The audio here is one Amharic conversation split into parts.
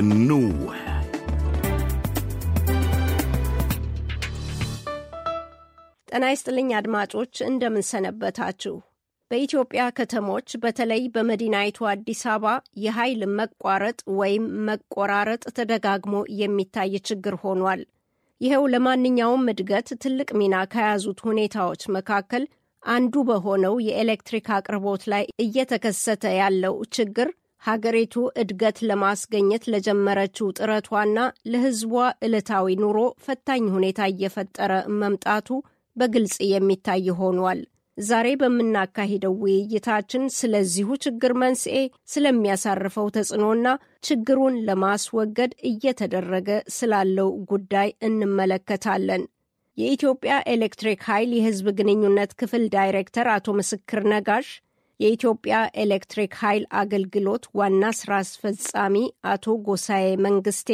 النوح ጤና ይስጥልኝ አድማጮች፣ እንደምንሰነበታችሁ። በኢትዮጵያ ከተሞች በተለይ በመዲናይቱ አዲስ አበባ የኃይል መቋረጥ ወይም መቆራረጥ ተደጋግሞ የሚታይ ችግር ሆኗል። ይኸው ለማንኛውም እድገት ትልቅ ሚና ከያዙት ሁኔታዎች መካከል አንዱ በሆነው የኤሌክትሪክ አቅርቦት ላይ እየተከሰተ ያለው ችግር ሀገሪቱ እድገት ለማስገኘት ለጀመረችው ጥረቷና ለሕዝቧ ዕለታዊ ኑሮ ፈታኝ ሁኔታ እየፈጠረ መምጣቱ በግልጽ የሚታይ ሆኗል። ዛሬ በምናካሂደው ውይይታችን ስለዚሁ ችግር መንስኤ፣ ስለሚያሳርፈው ተጽዕኖና ችግሩን ለማስወገድ እየተደረገ ስላለው ጉዳይ እንመለከታለን። የኢትዮጵያ ኤሌክትሪክ ኃይል የህዝብ ግንኙነት ክፍል ዳይሬክተር አቶ ምስክር ነጋሽ፣ የኢትዮጵያ ኤሌክትሪክ ኃይል አገልግሎት ዋና ስራ አስፈጻሚ አቶ ጎሳዬ መንግስቴ፣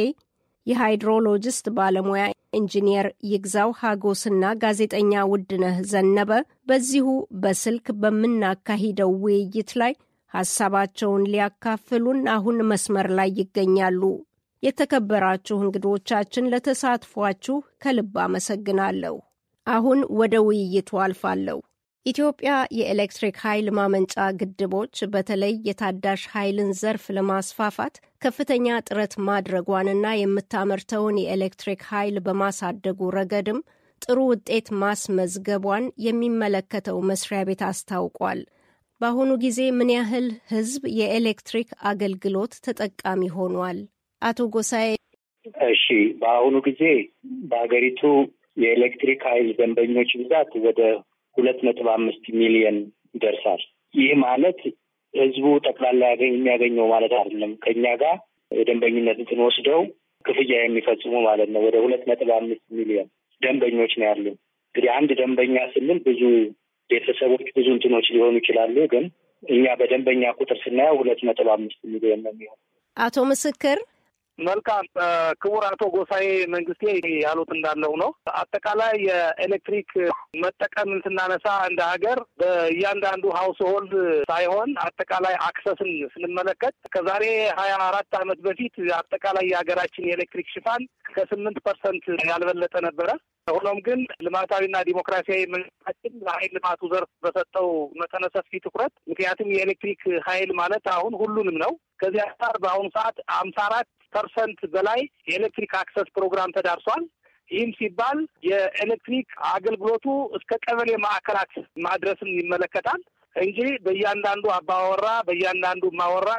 የሃይድሮሎጂስት ባለሙያ ኢንጂኒየር ይግዛው ሀጎስና ጋዜጠኛ ውድነህ ዘነበ በዚሁ በስልክ በምናካሂደው ውይይት ላይ ሀሳባቸውን ሊያካፍሉን አሁን መስመር ላይ ይገኛሉ። የተከበራችሁ እንግዶቻችን ለተሳትፏችሁ ከልብ አመሰግናለሁ። አሁን ወደ ውይይቱ አልፋለሁ። ኢትዮጵያ የኤሌክትሪክ ኃይል ማመንጫ ግድቦች በተለይ የታዳሽ ኃይልን ዘርፍ ለማስፋፋት ከፍተኛ ጥረት ማድረጓንና የምታመርተውን የኤሌክትሪክ ኃይል በማሳደጉ ረገድም ጥሩ ውጤት ማስመዝገቧን የሚመለከተው መስሪያ ቤት አስታውቋል። በአሁኑ ጊዜ ምን ያህል ሕዝብ የኤሌክትሪክ አገልግሎት ተጠቃሚ ሆኗል? አቶ ጎሳኤ? እሺ፣ በአሁኑ ጊዜ በሀገሪቱ የኤሌክትሪክ ኃይል ደንበኞች ብዛት ወደ ሁለት ነጥብ አምስት ሚሊየን ይደርሳል። ይህ ማለት ህዝቡ ጠቅላላ የሚያገኘው ማለት አይደለም። ከኛ ጋር የደንበኝነት እንትን ወስደው ክፍያ የሚፈጽሙ ማለት ነው። ወደ ሁለት ነጥብ አምስት ሚሊዮን ደንበኞች ነው ያሉ። እንግዲህ አንድ ደንበኛ ስንል ብዙ ቤተሰቦች፣ ብዙ እንትኖች ሊሆኑ ይችላሉ። ግን እኛ በደንበኛ ቁጥር ስናየው ሁለት ነጥብ አምስት ሚሊዮን ነው የሚሆን። አቶ ምስክር መልካም ክቡር አቶ ጎሳኤ መንግስቴ ያሉት እንዳለው ነው። አጠቃላይ የኤሌክትሪክ መጠቀምን ስናነሳ እንደ ሀገር በእያንዳንዱ ሀውስ ሆልድ ሳይሆን አጠቃላይ አክሰስን ስንመለከት ከዛሬ ሀያ አራት ዓመት በፊት አጠቃላይ የሀገራችን የኤሌክትሪክ ሽፋን ከስምንት ፐርሰንት ያልበለጠ ነበረ። ሆኖም ግን ልማታዊና ዲሞክራሲያዊ መንግስታችን ለሀይል ልማቱ ዘርፍ በሰጠው መጠነ ሰፊ ትኩረት ምክንያቱም የኤሌክትሪክ ሀይል ማለት አሁን ሁሉንም ነው። ከዚህ አንጻር በአሁኑ ሰዓት አምሳ አራት ፐርሰንት በላይ የኤሌክትሪክ አክሰስ ፕሮግራም ተዳርሷል። ይህም ሲባል የኤሌክትሪክ አገልግሎቱ እስከ ቀበሌ ማዕከላት ማድረስን ይመለከታል እንጂ በእያንዳንዱ አባወራ በእያንዳንዱ ማወራ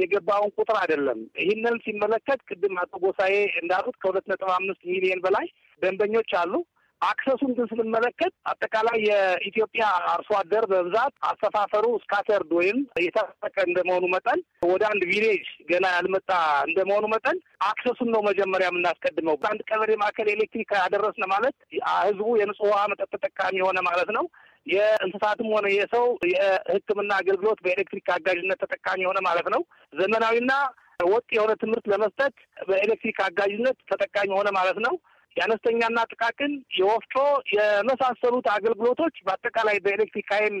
የገባውን ቁጥር አይደለም። ይህንን ሲመለከት ቅድም አቶ ጎሳዬ እንዳሉት ከሁለት ነጥብ አምስት ሚሊዮን በላይ ደንበኞች አሉ። አክሰሱን ግን ስንመለከት አጠቃላይ የኢትዮጵያ አርሶ አደር በብዛት አሰፋፈሩ እስካተርድ ወይም የታጠቀ እንደመሆኑ መጠን ወደ አንድ ቪሌጅ ገና ያልመጣ እንደመሆኑ መጠን አክሰሱን ነው መጀመሪያ የምናስቀድመው። በአንድ ቀበሌ ማዕከል ኤሌክትሪክ አደረስን ማለት ህዝቡ የንጹህ ውሃ መጠጥ ተጠቃሚ የሆነ ማለት ነው። የእንስሳትም ሆነ የሰው የሕክምና አገልግሎት በኤሌክትሪክ አጋዥነት ተጠቃሚ የሆነ ማለት ነው። ዘመናዊና ወጥ የሆነ ትምህርት ለመስጠት በኤሌክትሪክ አጋዥነት ተጠቃሚ የሆነ ማለት ነው። የአነስተኛና ጥቃቅን የወፍጮ የመሳሰሉት አገልግሎቶች በአጠቃላይ በኤሌክትሪክ ኃይል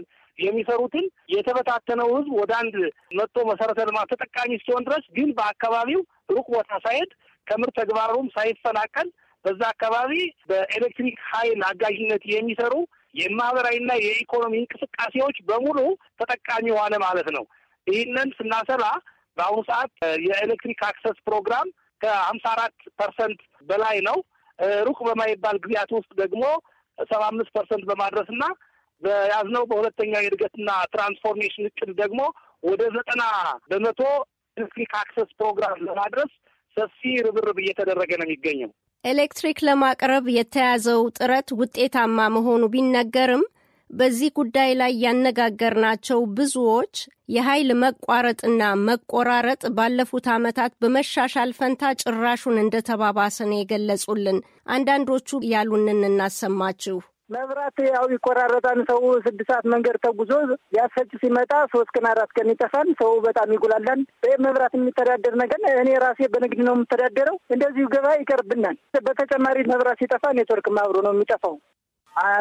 የሚሰሩትን የተበታተነው ህዝብ ወደ አንድ መጥቶ መሰረተ ልማት ተጠቃሚ ሲሆን ድረስ ግን በአካባቢው ሩቅ ቦታ ሳይሄድ ከምርት ተግባሩም ሳይፈናቀል በዛ አካባቢ በኤሌክትሪክ ኃይል አጋዥነት የሚሰሩ የማህበራዊና የኢኮኖሚ እንቅስቃሴዎች በሙሉ ተጠቃሚ ሆነ ማለት ነው። ይህንን ስናሰላ በአሁኑ ሰዓት የኤሌክትሪክ አክሰስ ፕሮግራም ከሀምሳ አራት ፐርሰንት በላይ ነው። ሩቅ በማይባል ጊዜያት ውስጥ ደግሞ ሰባ አምስት ፐርሰንት በማድረስና በያዝነው በሁለተኛው የእድገትና ትራንስፎርሜሽን እቅድ ደግሞ ወደ ዘጠና በመቶ ኤሌክትሪክ አክሰስ ፕሮግራም ለማድረስ ሰፊ ርብርብ እየተደረገ ነው የሚገኘው። ኤሌክትሪክ ለማቅረብ የተያዘው ጥረት ውጤታማ መሆኑ ቢነገርም በዚህ ጉዳይ ላይ ያነጋገርናቸው ብዙዎች የኃይል መቋረጥና መቆራረጥ ባለፉት ዓመታት በመሻሻል ፈንታ ጭራሹን እንደተባባሰ ነው የገለጹልን። አንዳንዶቹ ያሉንን እናሰማችሁ። መብራት ያው ይቆራረጣል። ሰው ስድስት ሰዓት መንገድ ተጉዞ ሊያስፈጭ ሲመጣ ሶስት ቀን አራት ቀን ይጠፋል። ሰው በጣም ይጉላላል። መብራት የሚተዳደር ነገር እኔ ራሴ በንግድ ነው የምተዳደረው። እንደዚሁ ገባ ይቀርብናል። በተጨማሪ መብራት ሲጠፋ ኔትወርክ አብሮ ነው የሚጠፋው።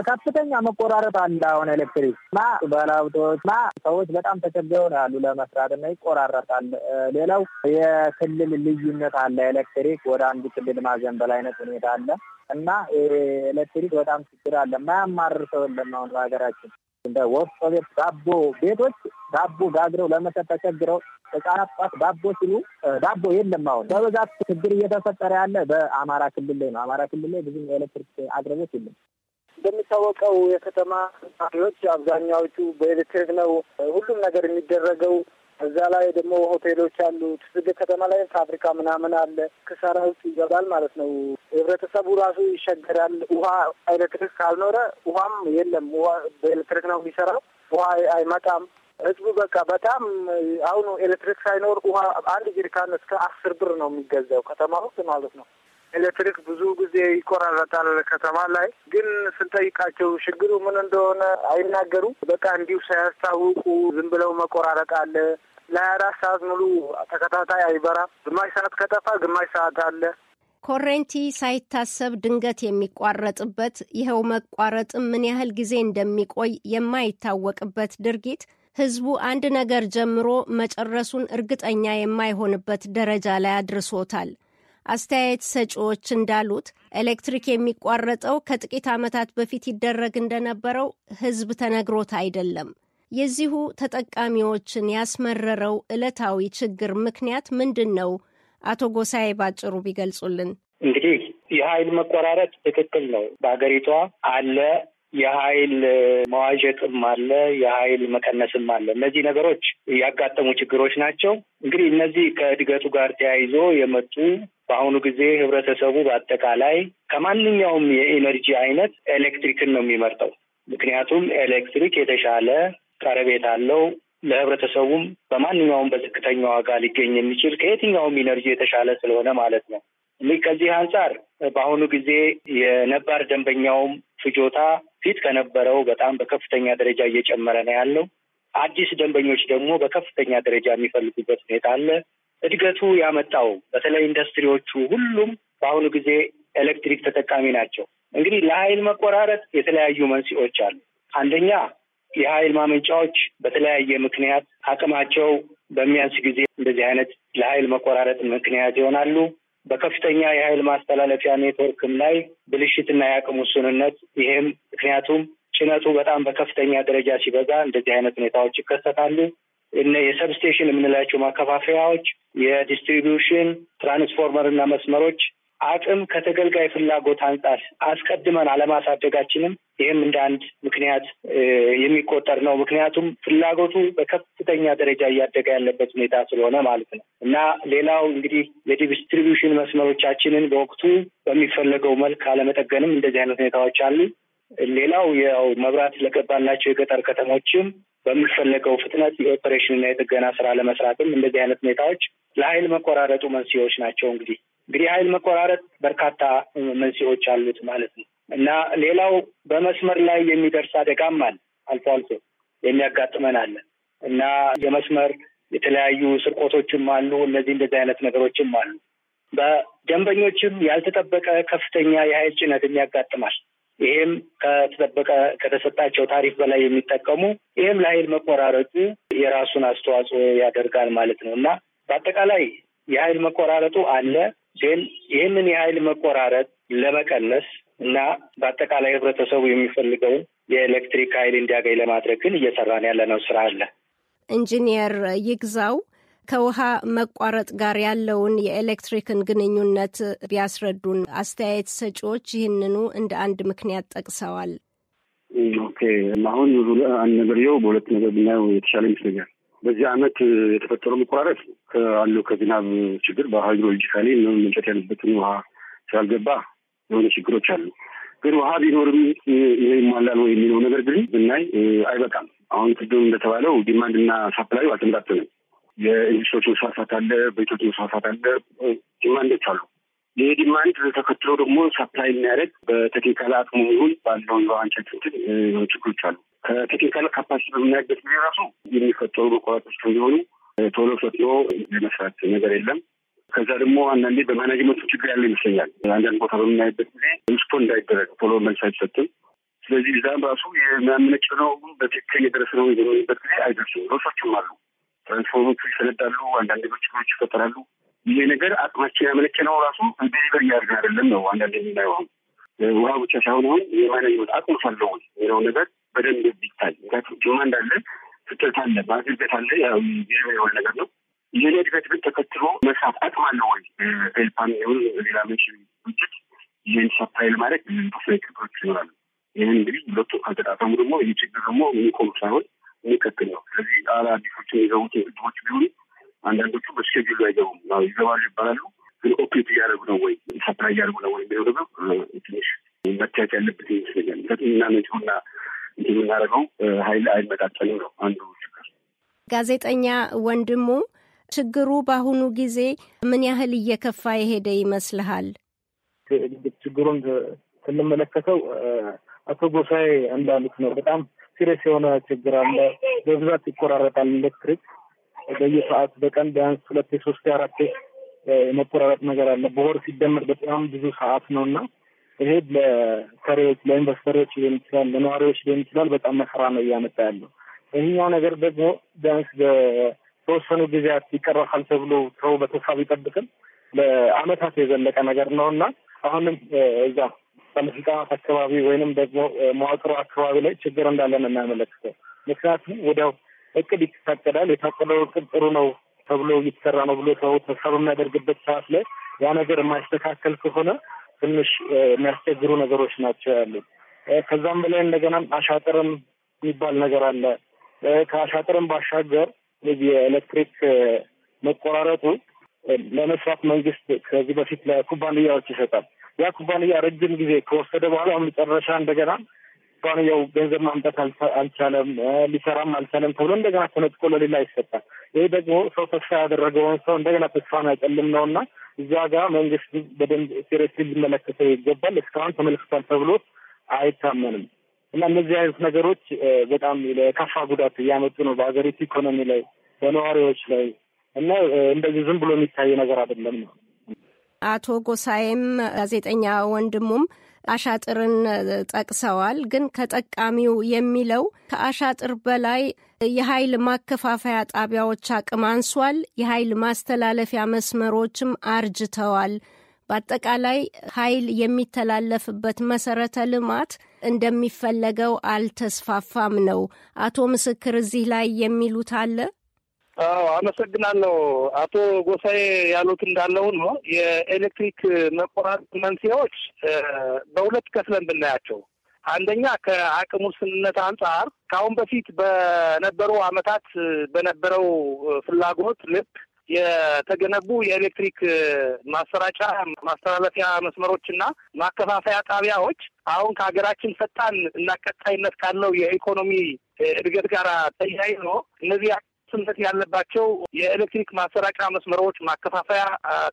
ከፍተኛ መቆራረጥ አለ። አሁን ኤሌክትሪክ እና ባለሀብቶች እና ሰዎች በጣም ተቸግረው ነው ያሉ ለመስራት እና ይቆራረጣል። ሌላው የክልል ልዩነት አለ። ኤሌክትሪክ ወደ አንዱ ክልል ማዘንበል አይነት ሁኔታ አለ እና ኤሌክትሪክ በጣም ችግር አለ። ማያማርር ሰው የለም አሁን በሀገራችን እንደ ወፍጮ ቤት ዳቦ ቤቶች ዳቦ ጋግረው ለመሸጥ ተቸግረው ህጻናት ጧት ዳቦ ሲሉ ዳቦ የለም። አሁን በብዛት ችግር እየተፈጠረ ያለ በአማራ ክልል ላይ ነው። አማራ ክልል ላይ ብዙም ኤሌክትሪክ አቅርቦት የለም። እንደሚታወቀው የከተማ ነዋሪዎች አብዛኛዎቹ በኤሌክትሪክ ነው ሁሉም ነገር የሚደረገው። እዛ ላይ ደግሞ ሆቴሎች አሉ። ትስግ ከተማ ላይ ፋብሪካ ምናምን አለ። ክሳራ ውስጥ ይገባል ማለት ነው። ህብረተሰቡ ራሱ ይሸገራል። ውሃ ኤሌክትሪክ ካልኖረ ውሃም የለም። ውሃ በኤሌክትሪክ ነው የሚሰራው። ውሃ አይመጣም። ህዝቡ በቃ በጣም አሁኑ ኤሌክትሪክ ሳይኖር ውሃ አንድ ጀሪካን እስከ አስር ብር ነው የሚገዛው ከተማ ውስጥ ማለት ነው። ኤሌክትሪክ ብዙ ጊዜ ይቆራረጣል ከተማ ላይ። ግን ስንጠይቃቸው ችግሩ ምን እንደሆነ አይናገሩም። በቃ እንዲሁ ሳያስታውቁ ዝም ብለው መቆራረጥ አለ። ለሀያ አራት ሰዓት ሙሉ ተከታታይ አይበራም። ግማሽ ሰዓት ከጠፋ ግማሽ ሰዓት አለ። ኮሬንቲ ሳይታሰብ ድንገት የሚቋረጥበት ይኸው መቋረጥ ምን ያህል ጊዜ እንደሚቆይ የማይታወቅበት ድርጊት ህዝቡ አንድ ነገር ጀምሮ መጨረሱን እርግጠኛ የማይሆንበት ደረጃ ላይ አድርሶታል። አስተያየት ሰጪዎች እንዳሉት ኤሌክትሪክ የሚቋረጠው ከጥቂት ዓመታት በፊት ይደረግ እንደነበረው ሕዝብ ተነግሮት አይደለም። የዚሁ ተጠቃሚዎችን ያስመረረው ዕለታዊ ችግር ምክንያት ምንድን ነው? አቶ ጎሳኤ ባጭሩ ቢገልጹልን። እንግዲህ የኃይል መቆራረጥ ትክክል ነው፣ በሀገሪቷ አለ። የኃይል መዋዠቅም አለ፣ የኃይል መቀነስም አለ። እነዚህ ነገሮች ያጋጠሙ ችግሮች ናቸው። እንግዲህ እነዚህ ከእድገቱ ጋር ተያይዞ የመጡ በአሁኑ ጊዜ ህብረተሰቡ በአጠቃላይ ከማንኛውም የኢነርጂ አይነት ኤሌክትሪክን ነው የሚመርጠው። ምክንያቱም ኤሌክትሪክ የተሻለ ቀረቤት አለው ለህብረተሰቡም በማንኛውም በዝቅተኛ ዋጋ ሊገኝ የሚችል ከየትኛውም ኢነርጂ የተሻለ ስለሆነ ማለት ነው። ከዚህ አንጻር በአሁኑ ጊዜ የነባር ደንበኛውም ፍጆታ ፊት ከነበረው በጣም በከፍተኛ ደረጃ እየጨመረ ነው ያለው። አዲስ ደንበኞች ደግሞ በከፍተኛ ደረጃ የሚፈልጉበት ሁኔታ አለ። እድገቱ ያመጣው በተለይ ኢንዱስትሪዎቹ ሁሉም በአሁኑ ጊዜ ኤሌክትሪክ ተጠቃሚ ናቸው። እንግዲህ ለኃይል መቆራረጥ የተለያዩ መንስኤዎች አሉ። አንደኛ የኃይል ማመንጫዎች በተለያየ ምክንያት አቅማቸው በሚያንስ ጊዜ እንደዚህ አይነት ለኃይል መቆራረጥ ምክንያት ይሆናሉ። በከፍተኛ የኃይል ማስተላለፊያ ኔትወርክም ላይ ብልሽትና የአቅም ውሱንነት ይህም ምክንያቱም ጭነቱ በጣም በከፍተኛ ደረጃ ሲበዛ እንደዚህ አይነት ሁኔታዎች ይከሰታሉ። የሰብስቴሽን የምንላቸው ማከፋፈያዎች፣ የዲስትሪቢሽን ትራንስፎርመር እና መስመሮች አቅም ከተገልጋይ ፍላጎት አንጻር አስቀድመን አለማሳደጋችንም ይህም እንደ አንድ ምክንያት የሚቆጠር ነው። ምክንያቱም ፍላጎቱ በከፍተኛ ደረጃ እያደገ ያለበት ሁኔታ ስለሆነ ማለት ነው እና ሌላው እንግዲህ የዲስትሪቢሽን መስመሮቻችንን በወቅቱ በሚፈለገው መልክ አለመጠገንም እንደዚህ አይነት ሁኔታዎች አሉ። ሌላው ያው መብራት ለገባላቸው የገጠር ከተሞችም በሚፈለገው ፍጥነት የኦፐሬሽንና የጥገና ስራ ለመስራትም እንደዚህ አይነት ሁኔታዎች ለሀይል መቆራረጡ መንስኤዎች ናቸው። እንግዲህ እንግዲህ ኃይል መቆራረጥ በርካታ መንስኤዎች አሉት ማለት ነው እና ሌላው በመስመር ላይ የሚደርስ አደጋም አለ አልፎ አልፎ የሚያጋጥመን አለ እና የመስመር የተለያዩ ስርቆቶችም አሉ። እነዚህ እንደዚህ አይነት ነገሮችም አሉ። በደንበኞችም ያልተጠበቀ ከፍተኛ የሀይል ጭነት ያጋጥማል። ይህም ከተጠበቀ ከተሰጣቸው ታሪፍ በላይ የሚጠቀሙ ይህም ለኃይል መቆራረጥ የራሱን አስተዋጽኦ ያደርጋል ማለት ነው እና በአጠቃላይ የኃይል መቆራረጡ አለ ግን ይህንን የኃይል መቆራረጥ ለመቀነስ እና በአጠቃላይ ህብረተሰቡ የሚፈልገውን የኤሌክትሪክ ኃይል እንዲያገኝ ለማድረግ ግን እየሰራን ያለነው ስራ አለ። ኢንጂኒየር ይግዛው ከውሃ መቋረጥ ጋር ያለውን የኤሌክትሪክን ግንኙነት ቢያስረዱን። አስተያየት ሰጪዎች ይህንኑ እንደ አንድ ምክንያት ጠቅሰዋል። ኦኬ አሁን አንድ ነገርየው በሁለት ነገር ብናየው የተሻለ ይመስለኛል። በዚህ አመት የተፈጠረው መቆራረጥ ከአለው ከዝናብ ችግር በሃይድሮሎጂካሊ መንጨት ያለበትን ውሃ ስላልገባ የሆነ ችግሮች አሉ። ግን ውሃ ቢኖርም ይሄ ይሟላል ወይ የሚለው ነገር ግን ብናይ አይበቃም። አሁን ቅድም እንደተባለው ዲማንድ እና ሳፕላዩ አልተመጣጠነም። የኢንስቶች መስፋፋት አለ፣ ቤቶች መስፋፋት አለ፣ ዲማንዶች አሉ። ይህ ዲማንድ ተከትሎ ደግሞ ሰፕላይ የሚያደርግ በቴክኒካል አቅሙ ይሁን ባለው የዋንቸት እንትን ችግሮች አሉ። ከቴክኒካል ካፓሲቲ በምናያበት ጊዜ ራሱ የሚፈጠሩ መቆራጦች ከሚሆኑ ቶሎ ፈጥኖ የመስራት ነገር የለም። ከዛ ደግሞ አንዳንዴ በማናጅመንቱ ችግር ያለ ይመስለኛል። አንዳንድ ቦታ በምናይበት ጊዜ ስቶ እንዳይደረግ ቶሎ መልስ አይሰጥም። ስለዚህ እዛም ራሱ የሚያምነጭ ነው በትክክል የደረሰ ነው የምንበት ጊዜ አይደርስም። ሎሶችም አሉ። ትራንስፎርሞቹ ይሰነዳሉ፣ አንዳንድ ችግሮች ይፈጠራሉ። ይሄ ነገር አቅማችን ነው ራሱ ዴሊቨር እያደረግን አይደለም ነው አንዳንድ የምናየው። ውሃ ብቻ ሳይሆን አሁን የማኔጅመንት አቅም አለው ወይ የሚለው ነገር በደንብ ይታይ። ምክንያቱም ዲማንድ አለ፣ ፍጥነት አለ፣ ማድገት አለ። ያው ዴሊቨር የሆነ ነገር ነው። ይህን እድገት ግን ተከትሎ መስራት አቅም አለው ወይ ፔልፓን ሆን ሌላ መች ውጭት ይህን ሰፕላይል ማለት ቶፌ ችግሮች ይኖራሉ። ይህን እንግዲህ ሁለቱ ካልተጣጣሙ ደግሞ ይህ ችግር ደግሞ የሚቆም ሳይሆን ይህ ነው። ስለዚህ አራ አዲሶቹ የገቡት የግድቦች ቢሆኑ አንዳንዶቹ በስኬጁል አይገቡም። ይገባሉ ይባላሉ፣ ግን ኦፕሬት እያደረጉ ነው ወይ ሰፕላይ እያደረጉ ነው ወይ የሚለው ደግሞ ትንሽ መታየት ያለበት ይመስለኛል። ምክንያቱም እና እንዲ የምናደርገው ሀይል አይመጣጠንም ነው አንዱ ችግር። ጋዜጠኛ ወንድሙ ችግሩ በአሁኑ ጊዜ ምን ያህል እየከፋ የሄደ ይመስልሃል? ችግሩን ስንመለከተው አቶ ጎሳዬ እንዳሉት ነው በጣም ሲሪየስ የሆነ ችግር አለ። በብዛት ይቆራረጣል ኤሌክትሪክ በየሰዓት በቀን ቢያንስ ሁለት የሶስት የአራት የመቆራረጥ ነገር አለ። በወር ሲደመር በጣም ብዙ ሰዓት ነው እና ይሄ ለሰሪዎች ለኢንቨስተሮች ሊሆን ይችላል፣ ለነዋሪዎች ሊሆን ይችላል። በጣም መከራ ነው እያመጣ ያለው። ይህኛው ነገር ደግሞ ቢያንስ በተወሰኑ ጊዜያት ይቀረፋል ተብሎ ሰው በተስፋ ቢጠብቅም ለአመታት የዘለቀ ነገር ነው እና አሁንም እዛ በሙዚቃ አካባቢ ወይንም ደግሞ መዋቅሩ አካባቢ ላይ ችግር እንዳለን የሚያመለክተው። ምክንያቱም ወዲያው እቅድ ይታቀዳል። የታቀደው እቅድ ጥሩ ነው ተብሎ እየተሰራ ነው ብሎ ሰው ተስፋ በሚያደርግበት ሰዓት ላይ ያ ነገር የማይስተካከል ከሆነ ትንሽ የሚያስቸግሩ ነገሮች ናቸው ያሉ። ከዛም በላይ እንደገና አሻጥርም የሚባል ነገር አለ። ከአሻጥርም ባሻገር የኤሌክትሪክ መቆራረጡ ለመስራት መንግስት ከዚህ በፊት ለኩባንያዎች ይሰጣል። ያ ኩባንያ ረጅም ጊዜ ከወሰደ በኋላ መጨረሻ እንደገና ኩባንያው ገንዘብ ማምጣት አልቻለም፣ ሊሰራም አልቻለም ተብሎ እንደገና ተነጥቆ ለሌላ ይሰጣል። ይህ ደግሞ ሰው ተስፋ ያደረገውን ሰው እንደገና ተስፋ ያጨልም ነው እና እዛ ጋር መንግስት በደንብ ሴሪየስሊ ሊመለከተው ይገባል። እስካሁን ተመልክቷል ተብሎ አይታመንም እና እነዚህ አይነት ነገሮች በጣም ለከፋ ጉዳት እያመጡ ነው በሀገሪቱ ኢኮኖሚ ላይ፣ በነዋሪዎች ላይ እና እንደዚህ ዝም ብሎ የሚታይ ነገር አይደለም ነው አቶ ጎሳዬም ጋዜጠኛ ወንድሙም አሻጥርን ጠቅሰዋል። ግን ከጠቃሚው የሚለው ከአሻጥር በላይ የኃይል ማከፋፈያ ጣቢያዎች አቅም አንሷል፣ የኃይል ማስተላለፊያ መስመሮችም አርጅተዋል። በአጠቃላይ ኃይል የሚተላለፍበት መሰረተ ልማት እንደሚፈለገው አልተስፋፋም ነው። አቶ ምስክር እዚህ ላይ የሚሉት አለ። አዎ አመሰግናለሁ። አቶ ጎሳዬ ያሉት እንዳለው ነው። የኤሌክትሪክ መቆራረጥ መንስኤዎች በሁለት ከፍለን ብናያቸው፣ አንደኛ ከአቅም ውስንነት አንጻር ከአሁን በፊት በነበሩ አመታት በነበረው ፍላጎት ልክ የተገነቡ የኤሌክትሪክ ማሰራጫ ማስተላለፊያ መስመሮችና ማከፋፈያ ጣቢያዎች አሁን ከሀገራችን ፈጣን እና ቀጣይነት ካለው የኢኮኖሚ እድገት ጋር ተያይዞ እነዚህ ስምጠት ያለባቸው የኤሌክትሪክ ማሰራጫ መስመሮች፣ ማከፋፈያ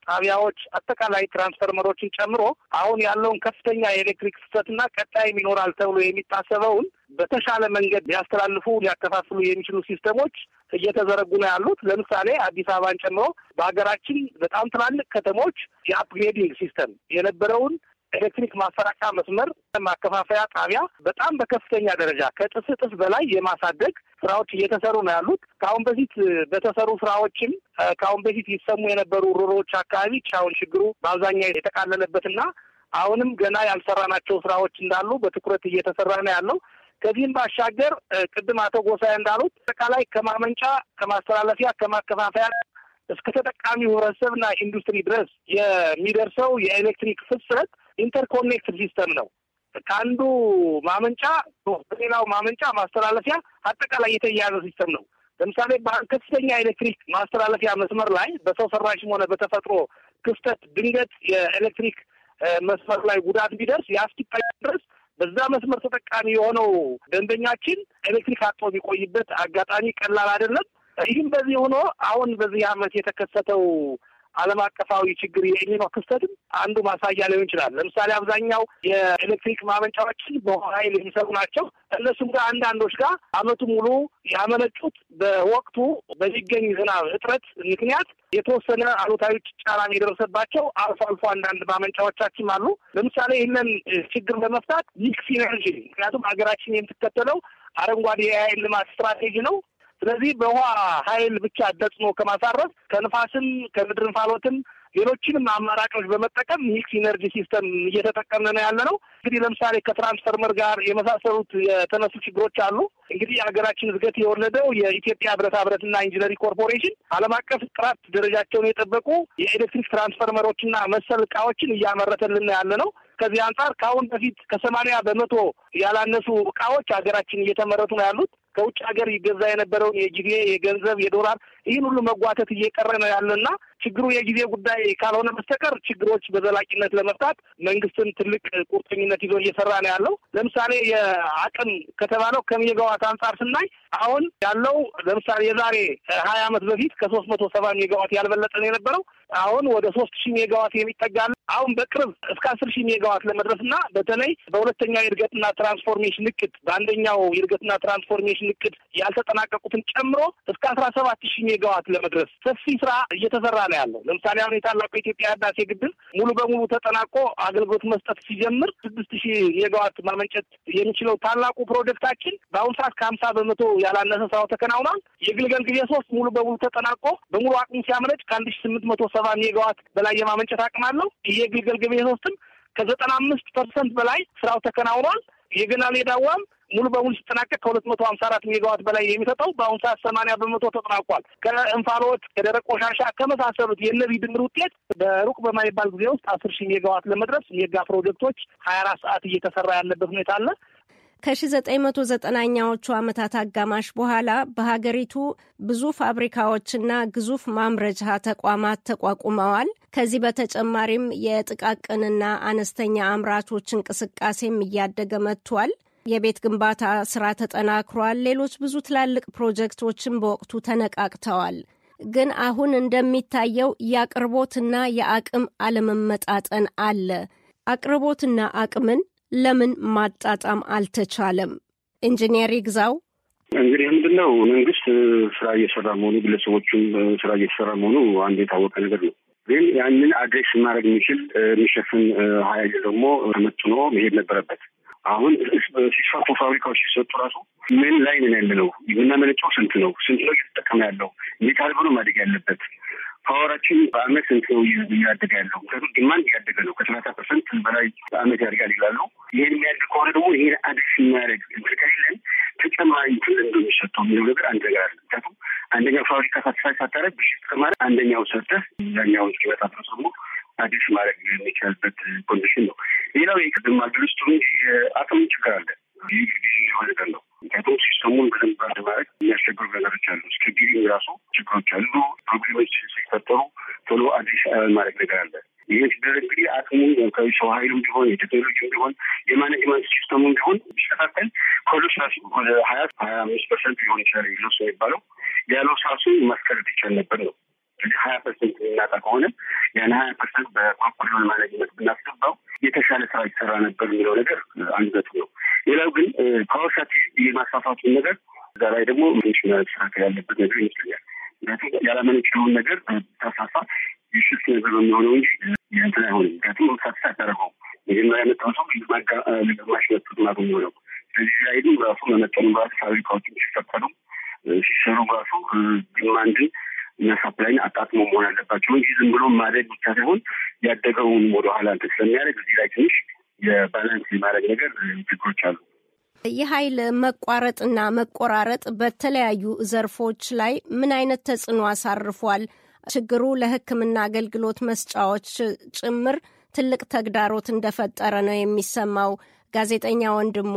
ጣቢያዎች፣ አጠቃላይ ትራንስፈርመሮችን ጨምሮ አሁን ያለውን ከፍተኛ የኤሌክትሪክ ፍሰትና ቀጣይም ይኖራል ተብሎ የሚታሰበውን በተሻለ መንገድ ሊያስተላልፉ ሊያከፋፍሉ የሚችሉ ሲስተሞች እየተዘረጉ ነው ያሉት። ለምሳሌ አዲስ አበባን ጨምሮ በሀገራችን በጣም ትላልቅ ከተሞች የአፕግሬዲንግ ሲስተም የነበረውን ኤሌክትሪክ ማሰራጫ መስመር ማከፋፈያ ጣቢያ በጣም በከፍተኛ ደረጃ ከጥስ ጥስ በላይ የማሳደግ ስራዎች እየተሰሩ ነው ያሉት። ከአሁን በፊት በተሰሩ ስራዎችም ከአሁን በፊት ይሰሙ የነበሩ ሮሮዎች አካባቢ አሁን ችግሩ በአብዛኛው የተቃለለበትና አሁንም ገና ያልሰራናቸው ስራዎች እንዳሉ በትኩረት እየተሰራ ነው ያለው። ከዚህም ባሻገር ቅድም አቶ ጎሳዬ እንዳሉት አጠቃላይ ከማመንጫ ከማስተላለፊያ፣ ከማከፋፈያ እስከ ተጠቃሚ ህብረተሰብና ኢንዱስትሪ ድረስ የሚደርሰው የኤሌክትሪክ ፍሰት ኢንተርኮኔክት ሲስተም ነው። ከአንዱ ማመንጫ በሌላው ማመንጫ ማስተላለፊያ አጠቃላይ የተያያዘ ሲስተም ነው። ለምሳሌ ከፍተኛ ኤሌክትሪክ ማስተላለፊያ መስመር ላይ በሰው ሰራሽም ሆነ በተፈጥሮ ክፍተት ድንገት የኤሌክትሪክ መስመር ላይ ጉዳት ቢደርስ የአስኪታይ ድረስ በዛ መስመር ተጠቃሚ የሆነው ደንበኛችን ኤሌክትሪክ አጥቶ የሚቆይበት አጋጣሚ ቀላል አይደለም። ይህም በዚህ ሆኖ አሁን በዚህ ዓመት የተከሰተው ዓለም አቀፋዊ ችግር የኤልኒኖ ክስተትም አንዱ ማሳያ ሊሆን ይችላል። ለምሳሌ አብዛኛው የኤሌክትሪክ ማመንጫዎች በውሃ ኃይል የሚሰሩ ናቸው። እነሱም ጋር አንዳንዶች ጋር አመቱ ሙሉ ያመነጩት በወቅቱ በሚገኝ ዝናብ እጥረት ምክንያት የተወሰነ አሉታዊ ጫና የደረሰባቸው አልፎ አልፎ አንዳንድ ማመንጫዎቻችን አሉ። ለምሳሌ ይህንን ችግር ለመፍታት ሚክስ ኢነርጂ ምክንያቱም ሀገራችን የምትከተለው አረንጓዴ የኃይል ልማት ስትራቴጂ ነው። ስለዚህ በውሃ ኃይል ብቻ ደጽኖ ከማሳረፍ ከንፋስን፣ ከምድር እንፋሎትም ሌሎችንም አማራጮች በመጠቀም ሚክስ ኢነርጂ ሲስተም እየተጠቀምን ነው ያለ ነው። እንግዲህ ለምሳሌ ከትራንስፈርመር ጋር የመሳሰሉት የተነሱ ችግሮች አሉ። እንግዲህ የሀገራችን እድገት የወለደው የኢትዮጵያ ብረታ ብረትና ኢንጂነሪ ኮርፖሬሽን ዓለም አቀፍ ጥራት ደረጃቸውን የጠበቁ የኤሌክትሪክ ትራንስፈርመሮችና መሰል እቃዎችን እያመረተልን ያለ ነው። ከዚህ አንጻር ከአሁን በፊት ከሰማንያ በመቶ ያላነሱ እቃዎች ሀገራችን እየተመረቱ ነው ያሉት። ከውጭ ሀገር ይገዛ የነበረውን የጊዜ የገንዘብ የዶላር ይህን ሁሉ መጓተት እየቀረ ነው ያለና ችግሩ የጊዜ ጉዳይ ካልሆነ በስተቀር ችግሮች በዘላቂነት ለመፍታት መንግስትን ትልቅ ቁርጠኝነት ይዞ እየሰራ ነው ያለው። ለምሳሌ የአቅም ከተባለው ከሜጋዋት አንጻር ስናይ አሁን ያለው ለምሳሌ የዛሬ ሀያ አመት በፊት ከሶስት መቶ ሰባ ሜጋዋት ያልበለጠ ነው የነበረው። አሁን ወደ ሶስት ሺህ ሜጋዋት የሚጠጋል። አሁን በቅርብ እስከ አስር ሺህ ሜጋዋት ለመድረስና በተለይ በሁለተኛው የእድገትና ትራንስፎርሜሽን እቅድ በአንደኛው የእድገትና ትራንስፎርሜሽን እቅድ ያልተጠናቀቁትን ጨምሮ እስከ አስራ ሰባት ሺህ ሜጋዋት ለመድረስ ሰፊ ስራ እየተሰራ ነው ያለው። ለምሳሌ አሁን የታላቁ የኢትዮጵያ ህዳሴ ግድብ ሙሉ በሙሉ ተጠናቆ አገልግሎት መስጠት ሲጀምር ስድስት ሺህ ሜጋዋት ማመንጨት የሚችለው ታላቁ ፕሮጀክታችን በአሁኑ ሰዓት ከሀምሳ በመቶ ያላነሰ ስራው ተከናውኗል። የግልገል ጊዜ ሶስት ሙሉ በሙሉ ተጠናቆ በሙሉ አቅሙ ሲያመነጭ ከአንድ ሺህ ስምንት መቶ ሰባ ሜጋዋት በላይ የማመንጨት አቅም አለው። የግልገል ጊዜ ሶስትም ከዘጠና አምስት ፐርሰንት በላይ ስራው ተከናውኗል። ሌዳዋም ሙሉ በሙሉ ሲጠናቀቅ ከሁለት መቶ ሀምሳ አራት ሜጋዋት በላይ የሚሰጠው በአሁኑ ሰዓት ሰማንያ በመቶ ተጠናቋል። ከእንፋሎት ከደረቅ ቆሻሻ ከመሳሰሉት የእነዚህ ድምር ውጤት በሩቅ በማይባል ጊዜ ውስጥ አስር ሺህ ሜጋዋት ለመድረስ ሜጋ ፕሮጀክቶች ሀያ አራት ሰዓት እየተሰራ ያለበት ሁኔታ አለ ከሺ ዘጠኝ መቶ ዎቹ ዓመታት አጋማሽ በኋላ በሀገሪቱ ብዙ ፋብሪካዎችና ግዙፍ ማምረጃ ተቋማት ተቋቁመዋል። ከዚህ በተጨማሪም የጥቃቅንና አነስተኛ አምራቾች እንቅስቃሴም እያደገ መጥቷል። የቤት ግንባታ ስራ ተጠናክሯል። ሌሎች ብዙ ትላልቅ ፕሮጀክቶችን በወቅቱ ተነቃቅተዋል። ግን አሁን እንደሚታየው የአቅርቦትና የአቅም አለመመጣጠን አለ። አቅርቦትና አቅምን ለምን ማጣጣም አልተቻለም? ኢንጂነር ይግዛው እንግዲህ ምንድን ነው መንግስት ስራ እየሰራ መሆኑ ግለሰቦቹም ስራ እየተሰራ መሆኑ አንድ የታወቀ ነገር ነው። ግን ያንን አድሬስ ማድረግ የሚችል የሚሸፍን ሀይል ደግሞ ተመጥኖ መሄድ ነበረበት። አሁን ሲስፋፉ ፋብሪካዎች ሲሰጡ ራሱ ምን ላይ ምን ያለ ነው የምናመነጨው ስንት ነው ስንት ነው እየተጠቀመ ያለው ሜታል ብሎ ነው ማደግ ያለበት ፓወራችን በአመት ስንት ነው እያደገ ያለው? ምክንያቱም ዲማንድ እያደገ ነው። ከሰላሳ ፐርሰንት በላይ በአመት ያድጋል ይላሉ። ይህን የሚያደግ ከሆነ ደግሞ ይህን አዲስ የሚያደግ ከሌለን ተጨማሪ ትልንዶ የሚሰጠው የሚለው ነገር አንድ ነገር አለ። ምክንያቱም አንደኛው ፋብሪካ ሳትሳይ ሳታረግ ብሽት ተማሪ አንደኛው ሰርተህ ያኛውን እስኪመጣ ድረስ ደግሞ አዲስ ማድረግ የሚቻልበት ኮንዲሽን ነው። ሌላው የቅድም ማድረግ ውስጥ የአቅም ችግር አለ። ጊዜ የሆነ ነገር ነው። ምክንያቱም ሲስተሙን በደንብ ማድረግ የሚያስቸግሩ ነገሮች አሉ። እስከ ጊዜ ራሱ ችግሮች አሉ። ፕሮብሌሞች ሲፈጠሩ ቶሎ አዲስ ማድረግ ነገር አለ። ይህ ሲደረግ እንግዲህ አቅሙ ቢሆን የቴክኖሎጂም ቢሆን የማኔጅመንት ሲስተሙም ቢሆን ቢስተካከል ወደ ሀያ ሀያ አምስት ፐርሰንት ሊሆን ይችላል ሎስ የሚባለው ያለው ማስቀረት ይቻል ነበር ነው ሀያ ፐርሰንት የምናጣ ከሆነ ያን ሀያ ፐርሰንት በፖፑሌሽን ማኔጅመንት ብናስገባው የተሻለ ስራ ይሰራ ነበር የሚለው ነገር አንገቱ ነው። ሌላው ግን ፓወርሳቲ የማስፋፋቱን ነገር እዛ ላይ ደግሞ ምንሽ መስተካከል ያለበት ነገር ይመስለኛል። ምክንያቱም ያላመነችውን ነገር ተሳሳ የሽስ ነገር የሚሆነው እንጂ እንትን አይሆንም። ምክንያቱም ሳትስ አያደረገውም መጀመሪያ የመጣው ሰው ግማሽ መቱ ናት የሚሆነው። ስለዚህ ላይ ግን ራሱ መመጠኑ ራሱ ፋብሪካዎችም ሲፈቀዱ ሲሰሩ ራሱ ዲማንድን እና ሳፕላይን ላይን አጣጥሞ መሆን አለባቸው እንጂ ዝም ብሎ ማደግ ብቻ ሳይሆን ያደገውን ወደኋላ እንትን ስለሚያደግ እዚህ ላይ ትንሽ የባላንስ የማድረግ ነገር ችግሮች አሉ። የኃይል መቋረጥና መቆራረጥ በተለያዩ ዘርፎች ላይ ምን አይነት ተጽዕኖ አሳርፏል? ችግሩ ለሕክምና አገልግሎት መስጫዎች ጭምር ትልቅ ተግዳሮት እንደፈጠረ ነው የሚሰማው። ጋዜጠኛ ወንድሙ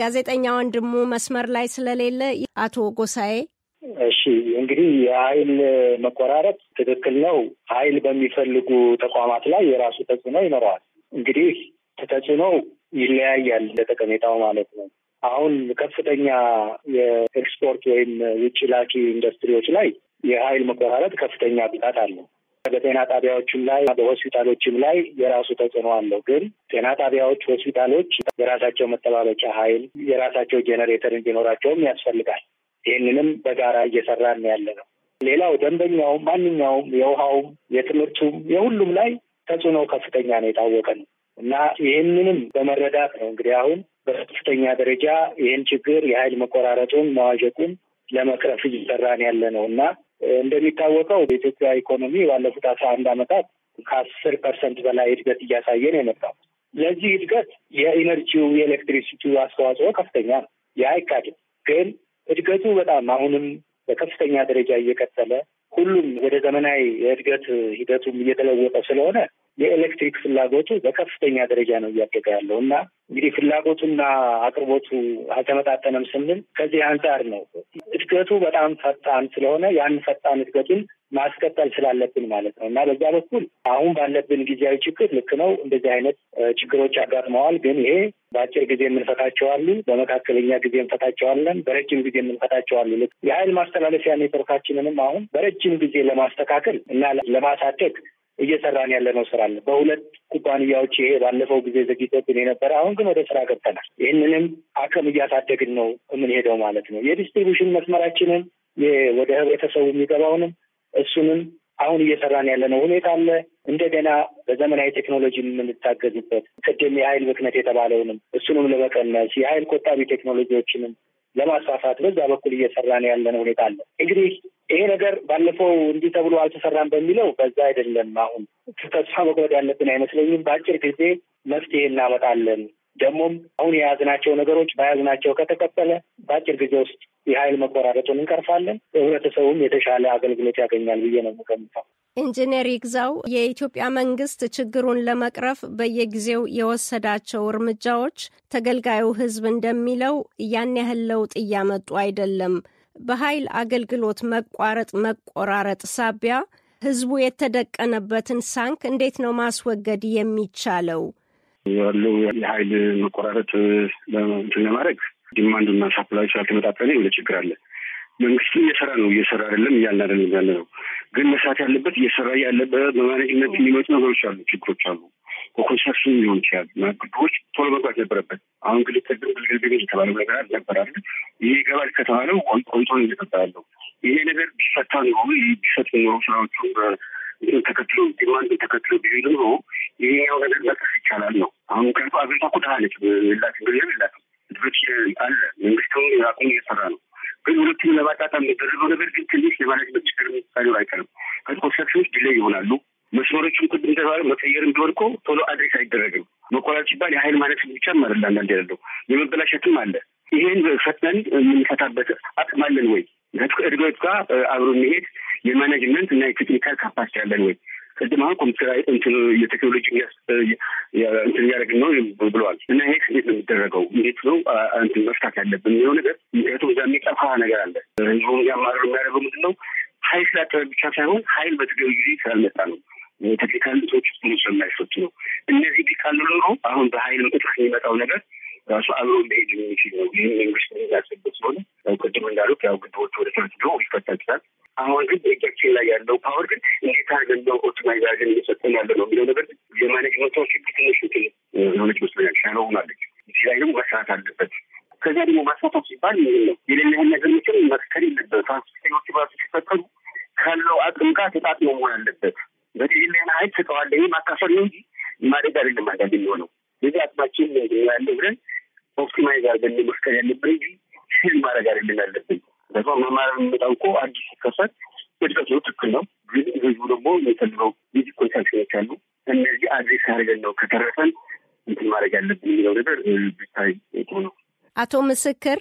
ጋዜጠኛ ወንድሙ መስመር ላይ ስለሌለ አቶ ጎሳኤ እሺ እንግዲህ የኃይል መቆራረጥ ትክክል ነው። ኃይል በሚፈልጉ ተቋማት ላይ የራሱ ተጽዕኖ ይኖረዋል። እንግዲህ ተጽዕኖ ይለያያል ለጠቀሜታው ማለት ነው። አሁን ከፍተኛ የኤክስፖርት ወይም ውጭ ላኪ ኢንዱስትሪዎች ላይ የኃይል መቆራረጥ ከፍተኛ ብቃት አለው። በጤና ጣቢያዎችም ላይ በሆስፒታሎችም ላይ የራሱ ተጽዕኖ አለው። ግን ጤና ጣቢያዎች፣ ሆስፒታሎች የራሳቸው መጠባበቂያ ኃይል የራሳቸው ጄኔሬተር እንዲኖራቸውም ያስፈልጋል። ይህንንም በጋራ እየሰራን ያለ ነው። ሌላው ደንበኛውም፣ ማንኛውም የውሃውም፣ የትምህርቱም የሁሉም ላይ ተጽዕኖ ከፍተኛ ነው፣ የታወቀ ነው እና ይህንንም በመረዳት ነው እንግዲህ አሁን በከፍተኛ ደረጃ ይህን ችግር የኃይል መቆራረጡን መዋዠቁን ለመቅረፍ እየሰራን ያለ ነው እና እንደሚታወቀው በኢትዮጵያ ኢኮኖሚ ባለፉት አስራ አንድ ዓመታት ከአስር ፐርሰንት በላይ እድገት እያሳየ ነው የመጣው። ለዚህ እድገት የኢነርጂው የኤሌክትሪሲቲው አስተዋጽኦ ከፍተኛ ነው። ያ አይካድም። ግን እድገቱ በጣም አሁንም በከፍተኛ ደረጃ እየቀጠለ ሁሉም ወደ ዘመናዊ የእድገት ሂደቱም እየተለወጠ ስለሆነ የኤሌክትሪክ ፍላጎቱ በከፍተኛ ደረጃ ነው እያደገ ያለው እና እንግዲህ ፍላጎቱና አቅርቦቱ አልተመጣጠነም ስንል ከዚህ አንጻር ነው። እድገቱ በጣም ፈጣን ስለሆነ ያን ፈጣን እድገቱን ማስቀጠል ስላለብን ማለት ነው እና በዛ በኩል አሁን ባለብን ጊዜያዊ ችግር ልክ ነው፣ እንደዚህ አይነት ችግሮች አጋጥመዋል። ግን ይሄ በአጭር ጊዜ የምንፈታቸዋሉ፣ በመካከለኛ ጊዜ እንፈታቸዋለን፣ በረጅም ጊዜ የምንፈታቸዋሉ። ልክ የኃይል ማስተላለፊያ ኔትወርካችንንም አሁን በረጅም ጊዜ ለማስተካከል እና ለማሳደግ እየሰራን ያለነው ስራ አለ። በሁለት ኩባንያዎች ይሄ ባለፈው ጊዜ ዘግይቶብን የነበረ አሁን ግን ወደ ስራ ገብተናል። ይህንንም አቅም እያሳደግን ነው የምንሄደው ማለት ነው። የዲስትሪቢሽን መስመራችንን ወደ ህብረተሰቡ የሚገባውንም እሱንም አሁን እየሰራን ነው ሁኔታ አለ። እንደገና በዘመናዊ ቴክኖሎጂ የምንታገዝበት ቅድም የሀይል ብክነት የተባለውንም እሱንም ለመቀነስ የሀይል ቆጣቢ ቴክኖሎጂዎችንም ለማስፋፋት በዛ በኩል እየሰራን ያለን ሁኔታ አለ። እንግዲህ ይሄ ነገር ባለፈው እንዲህ ተብሎ አልተሰራም በሚለው በዛ አይደለም። አሁን ተስፋ መቁረጥ ያለብን አይመስለኝም። በአጭር ጊዜ መፍትሄ እናመጣለን ደግሞም አሁን የያዝናቸው ነገሮች በያዝናቸው ከተቀጠለ በአጭር ጊዜ ውስጥ የኃይል መቆራረጡን እንቀርፋለን። ህብረተሰቡም የተሻለ አገልግሎት ያገኛል ብዬ ነው የምገምተው። ኢንጂነር ይግዛው፣ የኢትዮጵያ መንግስት ችግሩን ለመቅረፍ በየጊዜው የወሰዳቸው እርምጃዎች ተገልጋዩ ህዝብ እንደሚለው ያን ያህል ለውጥ እያመጡ አይደለም። በኃይል አገልግሎት መቋረጥ መቆራረጥ ሳቢያ ህዝቡ የተደቀነበትን ሳንክ እንዴት ነው ማስወገድ የሚቻለው? ያለው የሀይል መቆራረጥ እንትን ለማድረግ እና ሳፕላይ ስላልተመጣጠነ የሆነ ችግር አለ። መንግስቱ እየሰራ ነው፣ እየሰራ አይደለም እያልን አይደለም ያለ ነው። ግን መስራት ያለበት እየሰራ ያለበት በማኔጅመንት የሚመጡ ነገሮች አሉ፣ ችግሮች አሉ። በኮንስትራክሽን ሊሆን ይችላል። ግድቦች ቶሎ መግባት ነበረበት። አሁን ግል ግልግል ግልግል የተባለው ነገር አልነበራል። ይሄ ይገባል ከተባለው ቆይቶ ነው እየጠባ ያለው። ይሄ ነገር ቢፈታ ነው ቢሰጥ ኖሮ ስራዎቹ ይህን ተከትሎ ዲማንድን ተከትሎ ብዙ ደግሞ ይህኛው ነገር መቅረፍ ይቻላል ነው። አሁን ከፍ አገሪቷ እኮ ድሃ ላት የላትም ላት ድሮች አለ መንግስትም አቁም እየሰራ ነው። ግን ሁለቱም ለማጣጣም የሚደረገው ነገር ግን ትንሽ የማኔጅመንት ችግር ሳይኖር አይቀርም። ኮንስትራክሽኖች ዲሌይ ይሆናሉ። መስመሮቹን ቅድም ተባለ መቀየርም ቢሆን እኮ ቶሎ አድሬስ አይደረግም። መቆራረጥ ሲባል የሀይል ማነስ ብቻ ማለት አንዳንድ ያለው የመበላሸትም አለ። ይሄን ፈጥነን የምንፈታበት አቅም አለን ወይ? እድገት ጋር አብሮ መሄድ የማኔጅመንት እና የቴክኒካል ካፓሲቲ ያለን ወይ? ቅድም አሁን ኮምፒውተር እንትን የቴክኖሎጂ እንትን እያደረግን ነው ብለዋል። እና ይህ እንዴት ነው የሚደረገው? እንዴት ነው እንትን መፍታት ያለብን የሚለው ነገር ምክንያቱም እዛ የሚጠፋ ነገር አለ። ህዝቡን ያማሩ የሚያደርገው ምንድን ነው? ሀይል ስላጠረ ብቻ ሳይሆን ሀይል በትገቢ ጊዜ ስላልመጣ ነው። ቴክኒካል ሰዎች ስለማይፈቱ ነው። እነዚህ ቢካሉ ኖሮ አሁን በሀይል እጥረት የሚመጣው ነገር ራሱ አብሮ መሄድ የሚችል ነው። ይህም መንግስት ያስበት ሲሆነ ቅድም እንዳሉት ያው ግድቦች ወደ ታች ድሮ ሊፈታ ይችላል። አሁን ግን በእጃችን ላይ ያለው ፓወር ግን እንዴት አድርገን ነው ኦፕቲማይዛሽን እየሰጠን ያለ ነው የሚለው ነገር የማኔጅመንቷ ችግር ትንሽ ትል የሆነች መስለኛል። ሻለ ሆናለች። እዚህ ላይ ደግሞ መስራት አለበት። ከዚያ ደግሞ ማሳታት ሲባል ይህ ነው የሌለህን ነገር ምችል መትከል የለበት ፋሲሎች ባሱ ሲፈጠሩ ካለው አቅም ጋር ተጣጥሞ መሆን አለበት። በዚህ ሌላ ሀይል ስጠዋለ ማካፈል ነው እንጂ ማደግ አይደለም አንዳንድ የሚሆነው በዚህ አቅማችን ያለ ብለን ኦፕቲማይዝ አድርገን መፍከል ያለብን እንጂ ሲል ማድረግ አይደለም ያለብን። ለዛ መማር የሚመጣው እኮ አዲስ ሲከፈት እድቀት ነው፣ ትክክል ነው። ግን ህዝቡ ደግሞ የፈልገው ቤዚ ኮንሰፕሽኖች አሉ። እነዚህ አድሬስ አድርገን ነው ከተረፈን እንትን ማድረግ ያለብን የሚለው ነገር ብታይ ጥሩ ነው። አቶ ምስክር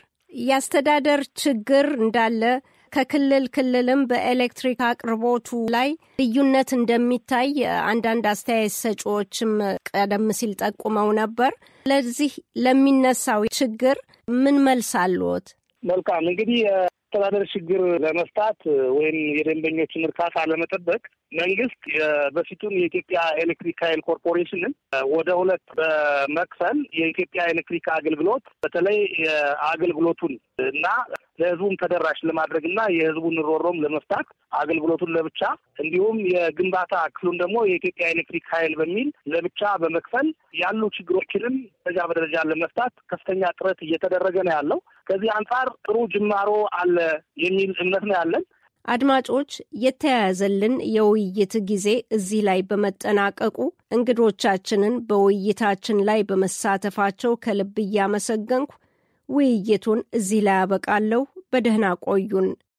የአስተዳደር ችግር እንዳለ ከክልል ክልልም በኤሌክትሪክ አቅርቦቱ ላይ ልዩነት እንደሚታይ አንዳንድ አስተያየት ሰጪዎችም ቀደም ሲል ጠቁመው ነበር። ለዚህ ለሚነሳው ችግር ምን መልስ አለዎት? መልካም እንግዲህ የአስተዳደር ችግር ለመፍታት ወይም የደንበኞችን እርካታ ለመጠበቅ መንግስት በፊቱን የኢትዮጵያ ኤሌክትሪክ ኃይል ኮርፖሬሽንን ወደ ሁለት በመክፈል የኢትዮጵያ ኤሌክትሪክ አገልግሎት በተለይ አገልግሎቱን እና ለህዝቡም ተደራሽ ለማድረግ እና የህዝቡን ሮሮም ለመፍታት አገልግሎቱን ለብቻ እንዲሁም የግንባታ ክፍሉን ደግሞ የኢትዮጵያ ኤሌክትሪክ ኃይል በሚል ለብቻ በመክፈል ያሉ ችግሮችንም ደረጃ በደረጃ ለመፍታት ከፍተኛ ጥረት እየተደረገ ነው ያለው። ከዚህ አንጻር ጥሩ ጅማሮ አለ የሚል እምነት ነው ያለን። አድማጮች፣ የተያያዘልን የውይይት ጊዜ እዚህ ላይ በመጠናቀቁ እንግዶቻችንን በውይይታችን ላይ በመሳተፋቸው ከልብ እያመሰገንኩ ውይይቱን እዚህ ላይ አበቃለሁ። በደህና ቆዩን።